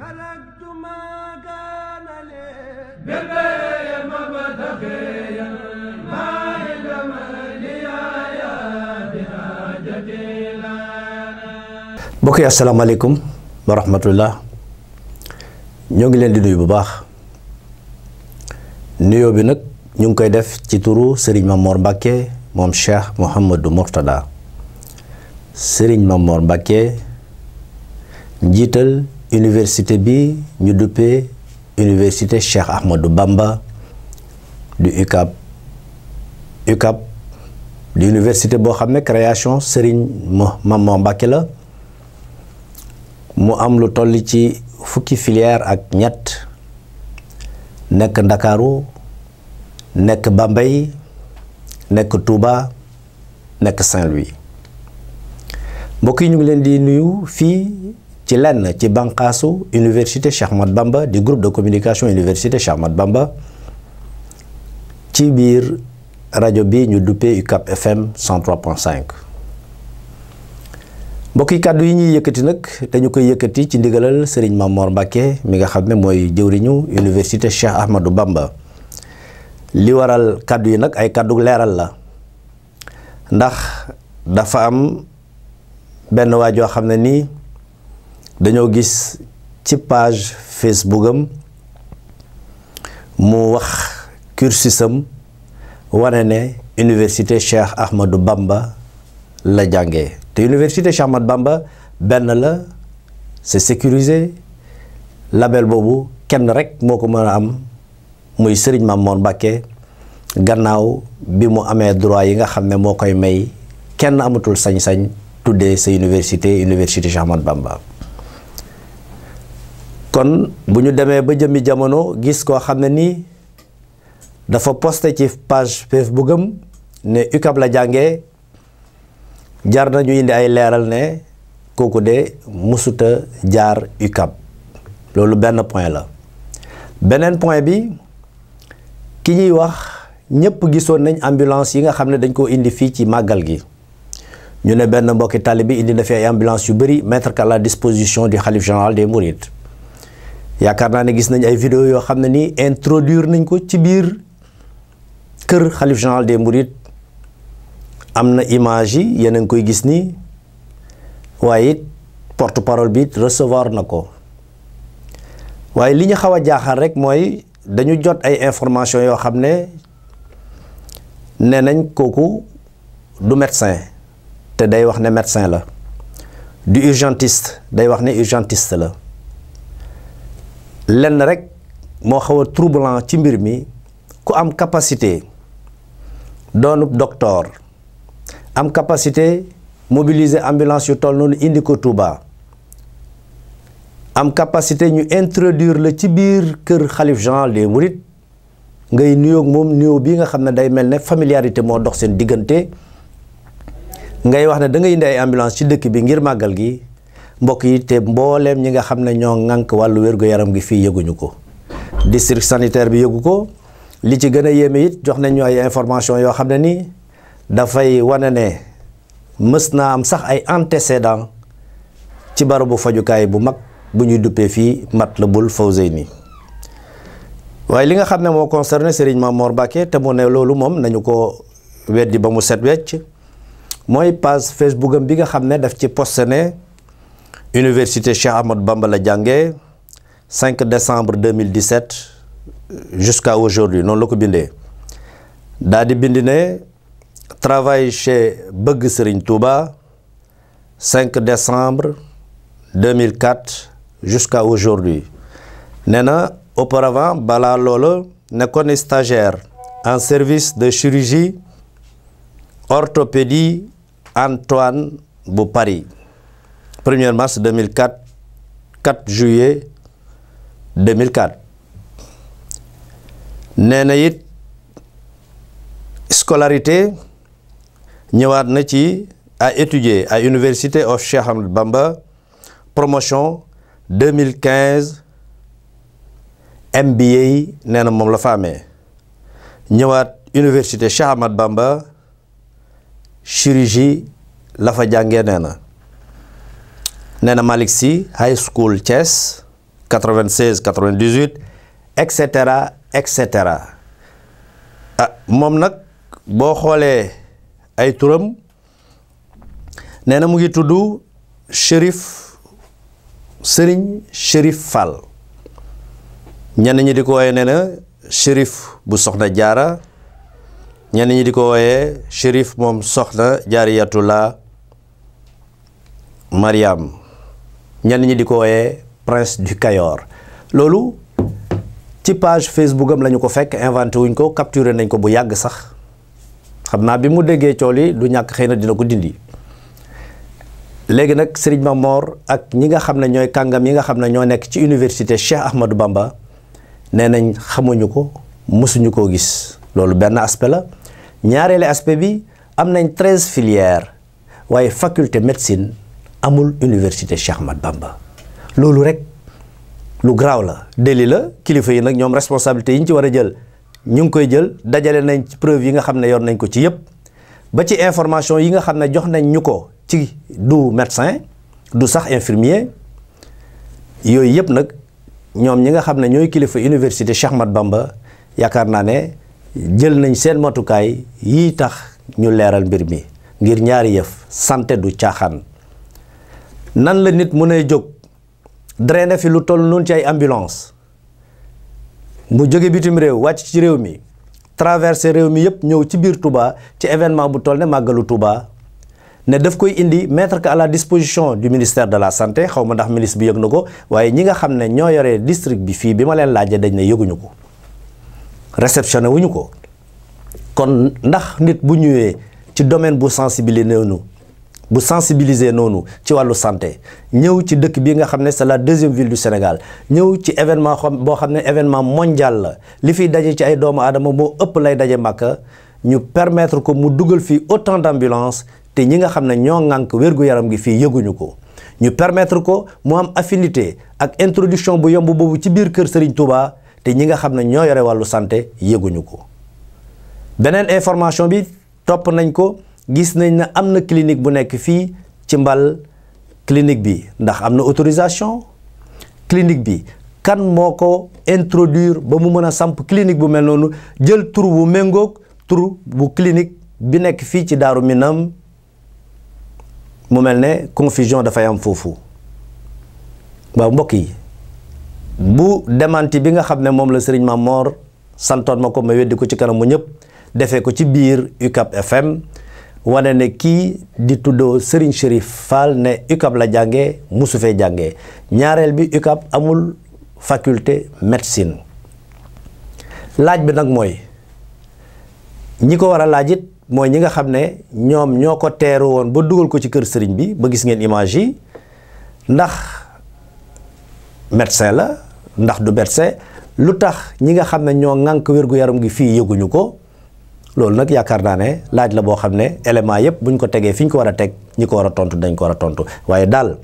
تركت ما كان لي ñoo ngi leen di nuyu bu baax nuyoo bi nag ñu ngi koy def ci turu Serigne Mamor Mbacke moom Cheikh Mouhamadou Mourtada Serigne Mamor Mbacke njiital université bi ñu duppee université Cheikh Ahmadou Bamba du UCAB UCAB di université boo xam ne création Serigne Mamadou Mbacké la mu am lu toll ci fukki filière ak ñett nekk Ndakaaru nekk Bambey nekk tuuba nekk Saint-Louis mbokk ñu leen di nuyu fii ci lenn ci banqaasu université Cheikh Ahmad Bamba di groupe de communication université Cheikh Ahmad ci biir rajo bi ñu duppee UCAP FM 103.5 mbokki kàddu yi ñuy yëkkati nag dañu koy yëkkati ci ndigalal Serigne Mamor Mbacke mi nga xam ne mooy jëwriñu université Cheikh Ahmadou Bamba li waral kàddu yi nag ay kàddu leeral la ndax dafa am benn waa joo xam ne nii dañoo gis ci page Facebook am mu wax cursus am wane ne université Cheikh Ahmadou Bamba la jànge te université Cheikh Ahmadou Bamba benn la c'est sécurisé label boobu kenn rek moo ko mën a am muy ma moon Mbacké gannaaw bi mu amee droit yi nga xam ne moo koy may kenn amatul sañ-sañ tuddee sa université université Cheikh Ahmadou Bamba kon bu ñu demee ba jëmmi jamono gis koo xam ne nii dafa posté ci page Facebook ne UCAB la jànge jar nañu indi ay leeral ne kooku de mësuta jaar UCAB loolu benn point la beneen point bi ki ñuy wax ñëpp gisoon nañ ambulance yi nga xam ne dañ koo indi fii ci màggal gi ñu ne benn mbokki tali bi indi na fi ay ambulance yu bëri mettre à la disposition du khalife général des mourides yaakaar naa ne gis nañ ay video yoo xam ne nii introduire nañ ko ci biir kër xalif général des mourides am na image yi yéen a ngi koy gis nii waaye it porte parole bi recevoir na ko waaye li ñu xaw a jaaxal rek mooy dañu jot ay information yoo xam ne nee nañ kooku du médecin te day wax ne médecin la du urgentiste day wax ne urgentiste la lenn rek moo xaw a troublant ci mbir mi ku am capacité doonub docteur am capacité mobiliser ambulance yu tool noonu indi ko Touba am capacité ñu introduire la ci biir kër xalif Jean des Mourides ngay nuyoog moom nuyoo bii nga xam ne day mel ne familiarité moo dox seen diggante ngay wax ne da ngay indi ay ambulance ci dëkk bi ngir màggal gi mbokk yi te mbooleem ñi nga xam ne ñoo ŋànk wàllu wér-gu-yaram gi fii yëguñu ko district sanitaire bi yëgu ko li ci gën a yéeme it jox nañu ay information yoo xam ne nii dafay wane ne mës naa am sax ay antécédent ci barabu fajukaay bu mag bu ñuy duppee fii mat la bul Matlaboul Fawzeyni waaye li nga xam ne moo concerné Serigne Mamour Mbacké te mu ne loolu moom nañu ko weddi ba mu set wecc mooy page Facebook am bi nga xam ne daf ci posté ne université Cheikh bambala Bamba la jànge 5 décembre 2017 jusqu'à aujourd'hui noonu la ko bindee daa di bind ne travail chez Bëgg Serigne Touba 5 décembre 2004 jusqu'à aujourd'hui nee na auparavant balaa loola nekkoon stagiaire en service de chirurgie orthopédie Antoine bu Paris 1er mars 2004 4 juillet 2004 nee na it scolarité ñëwaat na ci à étudier à université of Cheikh Ahmadou Bamba promotion 2015 MBA yi nee na moom la fa amee ñëwaat université Cheikh Bamba chirurgie la fa jàngee nee na nee na Malick Sy high school Thiès 96 98 et cetera et cetera ah moom nag boo xoolee ay turam nee na mu ngi tudd Chérif sëriñ Chérif Fall ñenn ñi di ko wooyee nee na Chérif bu Soxna Jaara ñenn ñi di ko wooyee Chérif moom Soxna Jaariyatullah Mariam ñenn ñi di ko wooyee prince du Kayor loolu ci page Facebook am la ko fekk inventé wuñ ko capturé nañ ko bu yàgg sax xam naa bi mu déggee cool yi du ñàkk xëy na dina ko dindi léegi nag Serigne Mamor ak ñi nga xam ne ñooy kàngam yi nga xam ne ñoo nekk ci université Cheikh Ahmadou Bamba nee nañ xamuñu ko mësuñu koo gis loolu benn aspect la ñaareelu aspect bi am nañ treize filière waaye faculté médecine. amul université Cheikh Ahmad Bamba loolu rek lu garaaw la déli la kilifa yi nag ñoom responsabilité yi ñu ci war a jël ñu ngi koy jël dajale nañ ci preuve yi nga xam ne yor nañ ko ci yëpp ba ci information yi nga xam ne jox nañ ñu ko ci du médecin du sax infirmier yooyu yëpp nag ñoom ñi nga xam ne ñooy kilifa université Cheikh Ahmad Bamba yaakaar naa ne jël nañ seen matukaay yi tax ñu leeral mbir mi ngir ñaari yëf santé du caaxaan nan la nit mën a jóg drainer fi lu toll noonu ci ay ambulance mu jóge bitim réew wàcc ci réew mi traverse réew mi yëpp ñëw ci biir tubaa ci événement bu toll ne màggalu tubaa ne daf koy indi mettre ko à la disposition du ministère de la santé xaw ma ndax ministre bi yëg na ko waaye ñi nga xam ne ñoo yore district bi fii bi ma leen laajee dañ ne yëguñu ko réceptionné wuñu ko kon ndax nit bu ñëwee ci domaine bu sensibiliser nu bu sensibiliser noonu ci wàllu santé ñëw ci dëkk bi nga xam ne c'est la deuxième ville du Sénégal ñëw ci événement xam boo xam ne événement mondial la li fiy daje ci ay doomu aadama moo ëpp lay daje Màkka ñu permettre ko mu dugal fii autant d'ambulance te ñi nga xam ne ñoo ŋànk wér yaram gi fii yëguñu ko ñu permettre ko mu am affinité ak introduction bu yomb boobu ci biir kër Serigne Touba te ñi nga xam ne ñoo yore wàllu santé yëguñu ko beneen information bi topp nañ ko gis nañ ne am na clinique bu nekk fii ci mbal clinique bi ndax am na autorisation clinique bi kan moo ko introduire ba mu mën a samp clinique bu mel noonu jël tur bu méngoog tur bu clinique bi nekk fii ci Daaru Minam mu mel ne confusion dafay am foofu waaw mbokk yi bu démenti bi nga xam ne moom la sëriñ ma moor santoon ma ko ma weddi ko ci kanamu ñëpp defee ko ci biir UCAB FM wane ne kii di tuddoo Serigne Chérif Fall ne UCAB la jànge musu fee jàngee ñaareel bi UCAB amul faculté médecine laaj bi nag mooy ñi ko war a laaj mooy ñi nga xam ne ñoom ñoo ko teeru woon ba dugal ko ci kër sëriñ bi ba gis ngeen image yi ndax médecin la ndax du médecin lu tax ñi nga xam ne ñoo ŋànk wér-gu-yaram gi fii yëguñu ko loolu nag yaakaar naa ne laaj la boo xam ne élément yëpp buñ ko tegee fi ñu ko war a teg ñi ko war a tontu dañ ko war a tontu waaye daal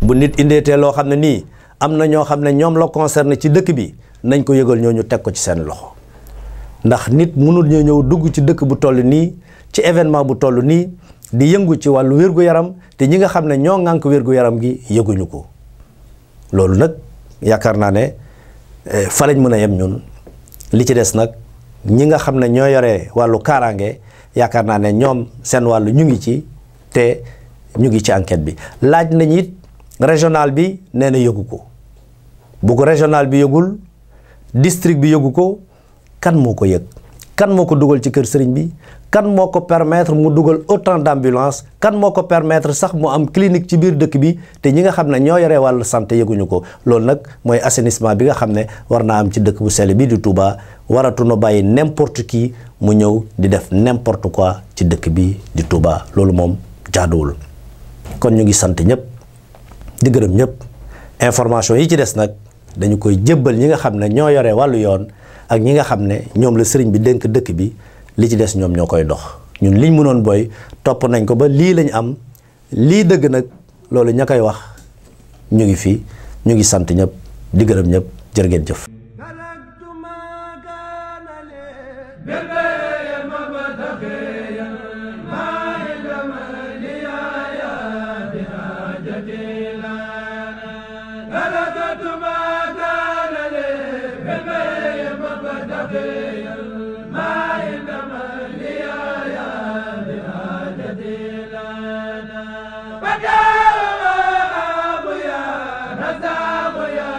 bu nit indeetee loo xam ne nii am na ñoo xam ne ñoom la concerné ci dëkk bi nañ ko yëgal ñoo ñu teg ko ci seen loxo ndax nit mënul ñoo ñëw dugg ci dëkk bu toll nii ci événement bu toll nii di yëngu ci wàllu wér-gu-yaram te ñi nga xam ne ñoo ŋànk wér-gu-yaram gi yëguñu ko loolu nag yaakaar naa ne eh, fa lañ mën a yem ñun li ci des nag ñi nga xam ne ñoo yore wàllu kaaraange yaakaar naa ne ñoom seen wàllu ñu ngi ci te ñu ngi ci enquête bi laaj nañ it régional bi nee na yëgu ko bu régional bi yëgul district bi yëgu ko kan moo ko yëg kan moo ko dugal ci kër sëriñ bi kan moo ko permettre mu dugal autant d'ambulance kan moo ko permettre sax mu am clinique ci biir dëkk bi te ñi nga xam ne ñoo yore wàllu santé yëguñu ko loolu nag mooy assainissement bi nga xam ne war naa am ci dëkk bu sell bi di Touba waratuñu bàyyi n'importe qui mu ñëw di def n'importe quoi ci dëkk bi di Touba loolu moom jaaduwul kon ñu ngi sant ñëpp di gërëm information yi ci des nag dañu koy jébbal ñi nga xam ne ñoo yore wàllu yoon ak ñi nga xam ne ñoom la sëriñ bi dénk dëkk bi li ci des ñoom ñoo koy dox ñun liñ mënoon booy topp nañ ko ba lii lañu am lii dëgg nag loolu ña koy wax ñu ngi fi ñu ngi sant ñëpp di gërëm ñépp jërë ngeen jëf